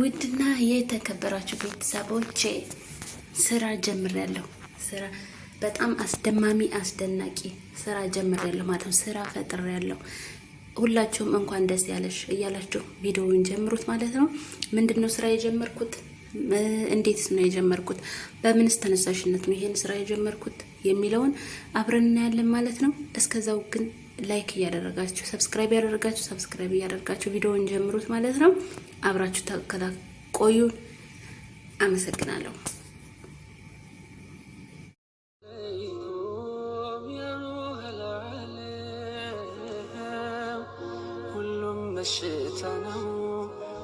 ውድና የተከበራችሁ ቤተሰቦቼ ስራ ጀምሬያለሁ። ስራ በጣም አስደማሚ አስደናቂ ስራ ጀምሬያለሁ ማለት ነው። ስራ ፈጥሬያለሁ። ሁላችሁም እንኳን ደስ ያለሽ እያላችሁ ቪዲዮውን ጀምሩት ማለት ነው። ምንድን ነው ስራ የጀመርኩት? እንዴትስ ነው የጀመርኩት? በምንስ ተነሳሽነት ነው ይሄን ስራ የጀመርኩት የሚለውን አብረን እናያለን ማለት ነው። እስከዛው ግን ላይክ እያደረጋችሁ ሰብስክራይብ ያደረጋችሁ ሰብስክራይብ እያደረጋችሁ ቪዲዮውን ጀምሩት ማለት ነው። አብራችሁ ቆዩ አመሰግናለሁ። ሁሉም በሽታ ነው፣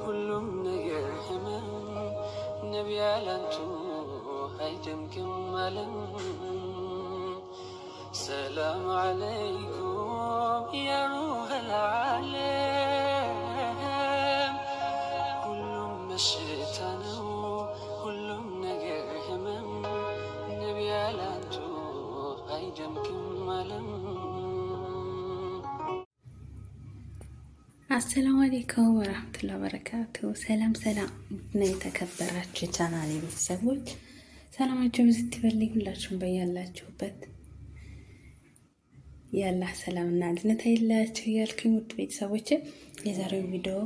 ሁሉም ነገር ህመም። አይደምግም አለም። ሰላም አለይኩም አትደምቂም አለም። አሰላሙ አሌይኩም ወረህመቱላ በረካቱ። ሰላም ሰላም እና የተከበራችሁ ቻናል ቤተሰቦች ሰላማችሁ ብዙ ትበልኝ። ሁላችሁም በያላችሁበት ያላህ ሰላምና እዝነት አይለያችሁ እያልኩኝ ውድ ቤተሰቦች የዛሬው ቪዲዮ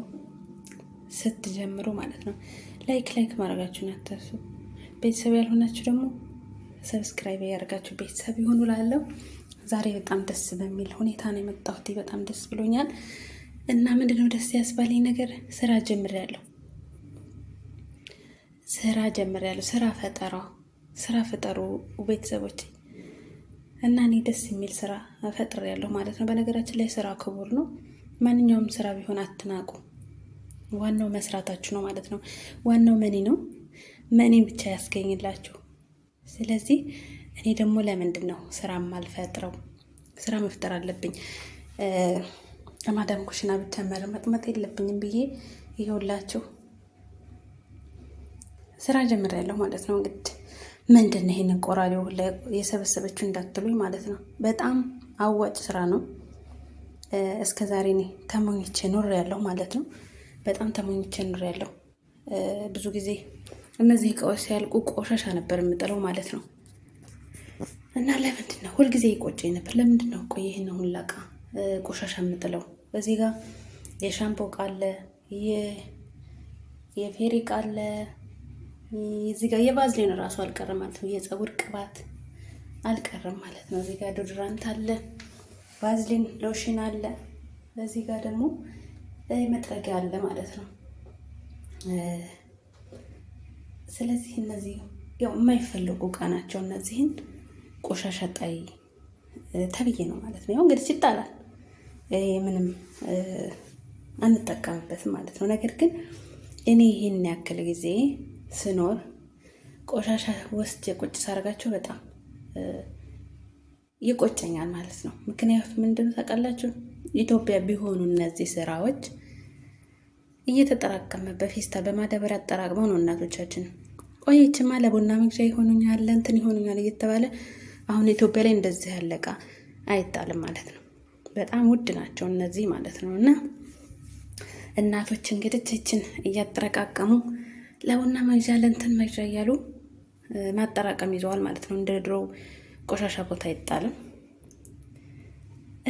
ስትጀምሩ ማለት ነው ላይክ ላይክ ማድረጋችሁን አትርሱ። ቤተሰብ ያልሆናችሁ ደግሞ ሰብስክራይብ ያደርጋችሁ ቤተሰብ ይሆኑ ላለው ዛሬ በጣም ደስ በሚል ሁኔታ ነው የመጣሁት። በጣም ደስ ብሎኛል እና ምንድነው ደስ ያስባለኝ ነገር ስራ ጀምሬያለሁ። ስራ ጀምሬያለሁ። ስራ ፈጠራ ስራ ፈጠሩ ቤተሰቦች እና እኔ ደስ የሚል ስራ ፈጥሬያለሁ ማለት ነው። በነገራችን ላይ ስራ ክቡር ነው። ማንኛውም ስራ ቢሆን አትናቁ። ዋናው መስራታችሁ ነው ማለት ነው። ዋናው መኒ ነው። መኒን ብቻ ያስገኝላችሁ። ስለዚህ እኔ ደግሞ ለምንድን ነው ስራ ማልፈጥረው? ስራ መፍጠር አለብኝ። ማዳም ኩሽና ብቻ መርመጥመጥ የለብኝም ብዬ ይኸውላችሁ ስራ ጀምሬያለሁ ማለት ነው። እንግዲህ ምንድን ነው ይሄንን ቆራሪ የሰበሰበችው እንዳትሉኝ ማለት ነው። በጣም አዋጭ ስራ ነው። እስከ ዛሬ እኔ ተሞኝቼ ኖሬያለሁ ማለት ነው። በጣም ተሞኝቼ ኖሬያለሁ ብዙ ጊዜ እነዚህ እቃዎች ሲያልቁ ቆሻሻ ነበር የምጥለው ማለት ነው። እና ለምንድን ነው ሁልጊዜ ይቆጨኝ ነበር። ለምንድን ነው እኮ ይህን ሁላ እቃ ቆሻሻ የምጥለው? እዚህ ጋር የሻምፖ እቃ አለ፣ የፌሪ እቃ አለ፣ እዚህ ጋር የቫዝሊን እራሱ አልቀረም ማለት ነው። የፀጉር ቅባት አልቀረም ማለት ነው። እዚህ ጋር ዶድራንት አለ፣ ቫዝሊን ሎሽን አለ። እዚህ ጋር ደግሞ መጥረጊያ አለ ማለት ነው። ስለዚህ እነዚህ ያው የማይፈለጉ እቃ ናቸው። እነዚህን ቆሻሻ ጣይ ተብዬ ነው ማለት ነው። ያው እንግዲህ ይጣላል፣ ምንም አንጠቀምበትም ማለት ነው። ነገር ግን እኔ ይህን ያክል ጊዜ ስኖር ቆሻሻ ወስጄ ቁጭ ሳደርጋቸው በጣም ይቆጨኛል ማለት ነው። ምክንያቱ ምንድን ታውቃላችሁ ኢትዮጵያ ቢሆኑ እነዚህ ስራዎች እየተጠራቀመ በፌስታ በማዳበሪያ አጠራቅመው ነው እናቶቻችን። ቆይችማ ለቡና መግዣ ይሆኑኛል ለእንትን ይሆኑኛል እየተባለ አሁን ኢትዮጵያ ላይ እንደዚህ ያለቃ ዕቃ አይጣልም ማለት ነው። በጣም ውድ ናቸው እነዚህ ማለት ነው። እና እናቶች እንግዲህ ይችን እያጠረቃቀሙ ለቡና መግዣ ለእንትን መግዣ እያሉ ማጠራቀም ይዘዋል ማለት ነው። እንደ ድሮው ቆሻሻ ቦታ አይጣልም።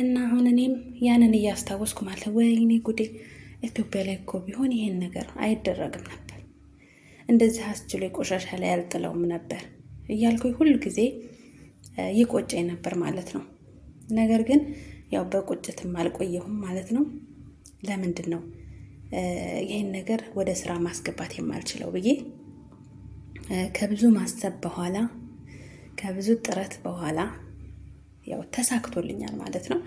እና አሁን እኔም ያንን እያስታወስኩ ማለት ወይኔ ጉዴ ኢትዮጵያ ላይ እኮ ቢሆን ይሄን ነገር አይደረግም ነበር፣ እንደዚህ አስችሎ የቆሻሻ ላይ አልጥለውም ነበር እያልኩኝ ሁል ጊዜ ይቆጨኝ ነበር ማለት ነው። ነገር ግን ያው በቁጭትም አልቆየሁም ማለት ነው። ለምንድን ነው ይህን ነገር ወደ ስራ ማስገባት የማልችለው ብዬ ከብዙ ማሰብ በኋላ ከብዙ ጥረት በኋላ ያው ተሳክቶልኛል ማለት ነው።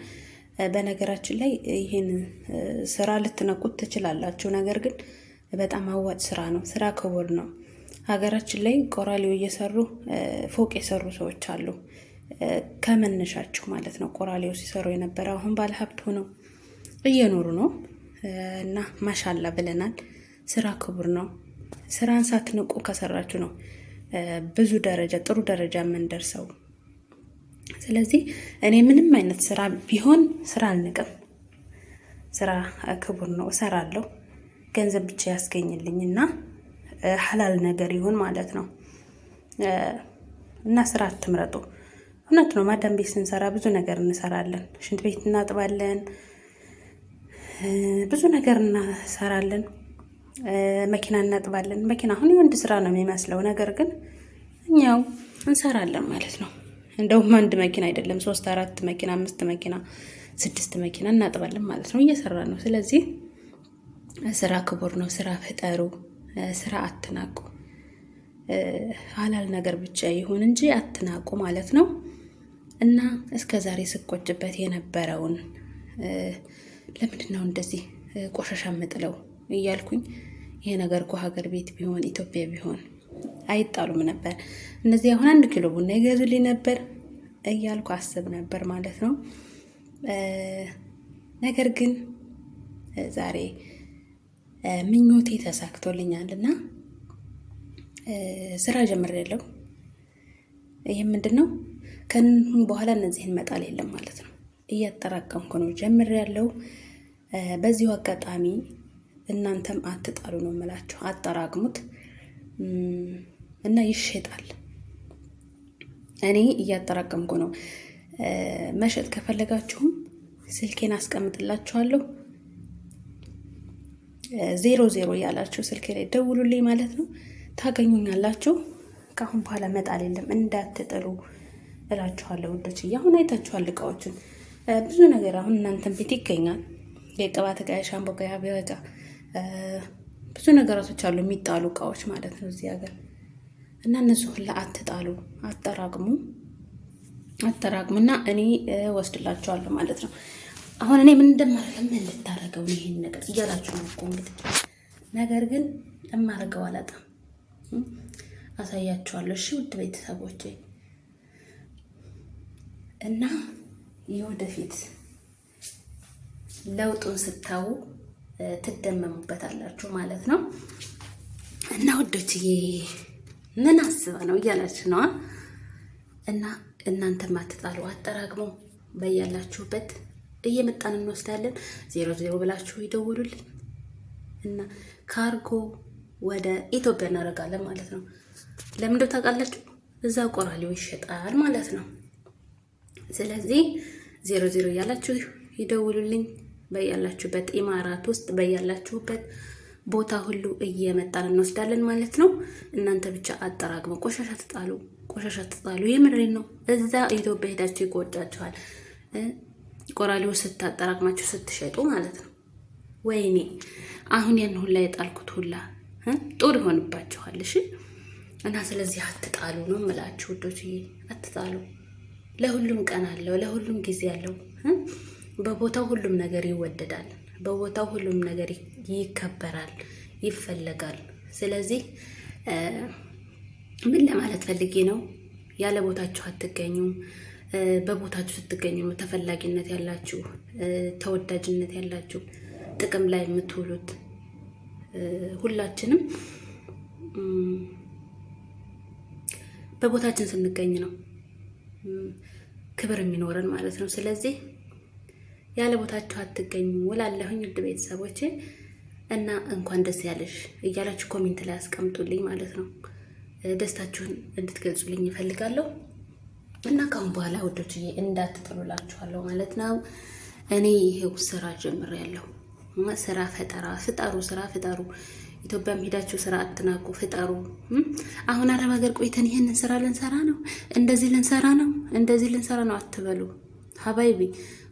በነገራችን ላይ ይህን ስራ ልትነቁት ትችላላችሁ። ነገር ግን በጣም አዋጭ ስራ ነው። ስራ ክቡር ነው። ሀገራችን ላይ ቆራሌው እየሰሩ ፎቅ የሰሩ ሰዎች አሉ። ከመነሻችሁ ማለት ነው። ቆራሌው ሲሰሩ የነበረ አሁን ባለሀብት ሆነው እየኖሩ ነው እና ማሻላ ብለናል። ስራ ክቡር ነው። ስራን ሳትንቁ ከሰራችሁ ነው ብዙ ደረጃ ጥሩ ደረጃ የምንደርሰው። ስለዚህ እኔ ምንም አይነት ስራ ቢሆን ስራ አልንቅም። ስራ ክቡር ነው፣ እሰራለሁ። ገንዘብ ብቻ ያስገኝልኝ እና ሀላል ነገር ይሁን ማለት ነው። እና ስራ አትምረጡ። እውነት ነው። ማዳም ቤት ስንሰራ ብዙ ነገር እንሰራለን። ሽንት ቤት እናጥባለን፣ ብዙ ነገር እናሰራለን መኪና እናጥባለን። መኪና አሁን የወንድ ስራ ነው የሚመስለው፣ ነገር ግን እኛው እንሰራለን ማለት ነው። እንደውም አንድ መኪና አይደለም ሶስት አራት መኪና አምስት መኪና ስድስት መኪና እናጥባለን ማለት ነው። እየሰራ ነው። ስለዚህ ስራ ክቡር ነው። ስራ ፍጠሩ። ስራ አትናቁ። ሀላል ነገር ብቻ ይሁን እንጂ አትናቁ ማለት ነው። እና እስከ ዛሬ ስቆጭበት የነበረውን ለምንድን ነው እንደዚህ ቆሻሻ ምጥለው እያልኩኝ ይሄ ነገር እኮ ሀገር ቤት ቢሆን ኢትዮጵያ ቢሆን አይጣሉም ነበር። እነዚህ አሁን አንድ ኪሎ ቡና ይገዙልኝ ነበር እያልኩ አስብ ነበር ማለት ነው። ነገር ግን ዛሬ ምኞቴ ተሳክቶልኛል እና ስራ ጀምሬያለሁ። ይህ ምንድን ነው? ከንሁን በኋላ እነዚህን መጣል የለም ማለት ነው። እያጠራቀምኩ ነው፣ ጀምሬያለሁ። በዚሁ አጋጣሚ እናንተም አትጣሉ ነው የምላችሁ፣ አጠራቅሙት። እና ይሸጣል። እኔ እያጠራቀምኩ ነው። መሸጥ ከፈለጋችሁም ስልኬን አስቀምጥላችኋለሁ። ዜሮ ዜሮ እያላችሁ ስልኬ ላይ ደውሉልኝ ማለት ነው። ታገኙኛላችሁ። ከአሁን በኋላ መጣል የለም እንዳትጥሉ እላችኋለሁ ውዶች። አሁን አይታችኋል እቃዎችን ብዙ ነገር አሁን እናንተን ቤት ይገኛል። የቅባት እቃ፣ የሻምቦ እቃ፣ ብዙ ነገራቶች አሉ የሚጣሉ እቃዎች ማለት ነው እዚህ ሀገር እና እነሱ ሁላ አትጣሉ፣ አጠራቅሙ አጠራቅሙ እና እኔ ወስድላቸዋለሁ ማለት ነው። አሁን እኔ ምን እንደማደርገው ምን ልታደርገው ይህን ነገር እያላችሁ ነው እኮ እንግዲህ። ነገር ግን የማደርገው አላጣም፣ አሳያችኋለሁ። እሺ ውድ ቤተሰቦች እና የወደፊት ለውጡን ስታዩ ትደመሙበታላችሁ ማለት ነው። እና ውዶችዬ ምን አስበ ነው እያላችሁ ነዋ። እና እናንተ ማትጣሉ አጠራቅሞ በያላችሁበት እየመጣን እንወስዳለን። ዜሮ ዜሮ ብላችሁ ይደውሉልኝ እና ካርጎ ወደ ኢትዮጵያ እናደርጋለን ማለት ነው። ለምንደ ታውቃላችሁ እዛ ቆራሌው ይሸጣል ማለት ነው። ስለዚህ ዜሮ ዜሮ እያላችሁ ይደውሉልኝ። በያላችሁበት ኢማራት ውስጥ በያላችሁበት ቦታ ሁሉ እየመጣን እንወስዳለን ማለት ነው። እናንተ ብቻ አጠራቅመው ቆሻሻ ትጣሉ፣ ቆሻሻ ትጣሉ። የምድሬ ነው። እዛ ኢትዮጵያ ሄዳችሁ ይቆጫችኋል። ቆራሊው ስታጠራቅማችሁ ስትሸጡ ማለት ነው። ወይኔ አሁን ያን ሁላ የጣልኩት ሁላ ጦር ይሆንባችኋል። እሺ እና ስለዚህ አትጣሉ ነው የምላችሁ ውዶች፣ አትጣሉ። ለሁሉም ቀን አለው፣ ለሁሉም ጊዜ አለው። በቦታው ሁሉም ነገር ይወደዳል። በቦታው ሁሉም ነገር ይከበራል፣ ይፈለጋል። ስለዚህ ምን ለማለት ፈልጌ ነው? ያለ ቦታችሁ አትገኙ። በቦታችሁ ስትገኙ ተፈላጊነት ያላችሁ፣ ተወዳጅነት ያላችሁ፣ ጥቅም ላይ የምትውሉት። ሁላችንም በቦታችን ስንገኝ ነው ክብር የሚኖረን ማለት ነው። ስለዚህ ያለ ቦታችሁ አትገኙ ውላለሁኝ ውድ ቤተሰቦች እና እንኳን ደስ ያለሽ እያላችሁ ኮሜንት ላይ አስቀምጡልኝ ማለት ነው። ደስታችሁን እንድትገልጹልኝ ይፈልጋለሁ እና ካሁን በኋላ ውዶችዬ እንዳትጥሉላችኋለሁ ማለት ነው። እኔ ይሄው ስራ ጀምሬያለሁ። ስራ ፈጠራ ፍጠሩ፣ ስራ ፍጠሩ። ኢትዮጵያም ሄዳችሁ ስራ አትናቁ፣ ፍጠሩ። አሁን አረብ ሀገር ቆይተን ይህንን ስራ ልንሰራ ነው፣ እንደዚህ ልንሰራ ነው፣ እንደዚህ ልንሰራ ነው አትበሉ። ሀባይቢ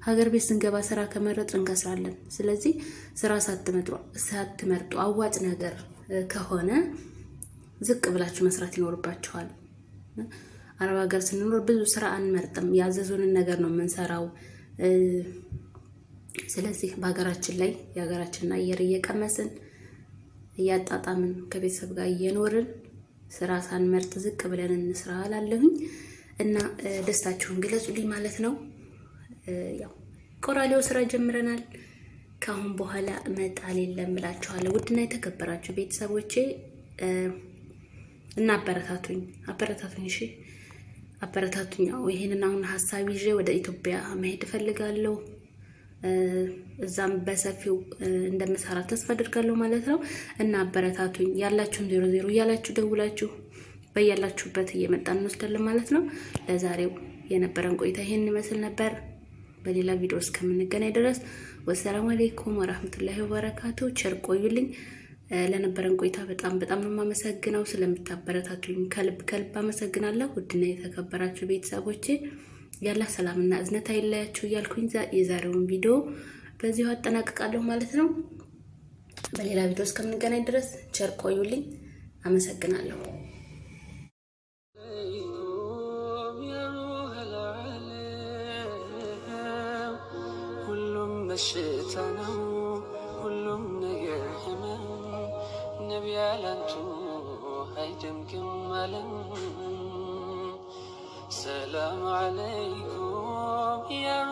ሀገር ቤት ስንገባ ስራ ከመረጥ እንከስራለን። ስለዚህ ስራ ሳትመርጡ አዋጭ ነገር ከሆነ ዝቅ ብላችሁ መስራት ይኖርባችኋል። አረብ ሀገር ስንኖር ብዙ ስራ አንመርጥም፣ ያዘዙንን ነገር ነው የምንሰራው። ስለዚህ በሀገራችን ላይ የሀገራችንን አየር እየቀመስን እያጣጣምን ከቤተሰብ ጋር እየኖርን ስራ ሳንመርጥ ዝቅ ብለን እንስራ አላለሁኝ እና ደስታችሁን ግለጹልኝ ማለት ነው። ያው ቆራሌው ስራ ጀምረናል። ከአሁን በኋላ መጣል የለም እላችኋለሁ። ውድና የተከበራችሁ ቤተሰቦቼ እና አበረታቱኝ አበረታቱኝ፣ እሺ አበረታቱኝ። ያው ይሄንን አሁን ሀሳብ ይዤ ወደ ኢትዮጵያ መሄድ እፈልጋለሁ። እዛም በሰፊው እንደምሰራ ተስፋ አድርጋለሁ ማለት ነው። እና አበረታቱኝ ያላችሁን ዜሮ ዜሮ እያላችሁ ደውላችሁ በያላችሁበት እየመጣን እንወስዳለን ማለት ነው። ለዛሬው የነበረን ቆይታ ይሄን ይመስል ነበር። በሌላ ቪዲዮ እስከምንገናኝ ድረስ ወሰላሙ አሌይኩም ወራህመቱላሂ ወበረካቱ። ቸር ቆዩልኝ። ለነበረን ቆይታ በጣም በጣም ነው የማመሰግነው። ስለምታበረታቱኝ ከልብ ከልብ አመሰግናለሁ። ውድና የተከበራችሁ ቤተሰቦቼ ያላ ሰላምና እዝነት አይለያችሁ እያልኩኝ የዛሬውን ቪዲዮ በዚሁ አጠናቅቃለሁ ማለት ነው። በሌላ ቪዲዮ እስከምንገናኝ ድረስ ቸር ቆዩልኝ። አመሰግናለሁ። በሽታ ነው ሁሉም ነገር ህመም ነቢ ያላንቱ አይደምግም አለም። ሰላም አለይኩም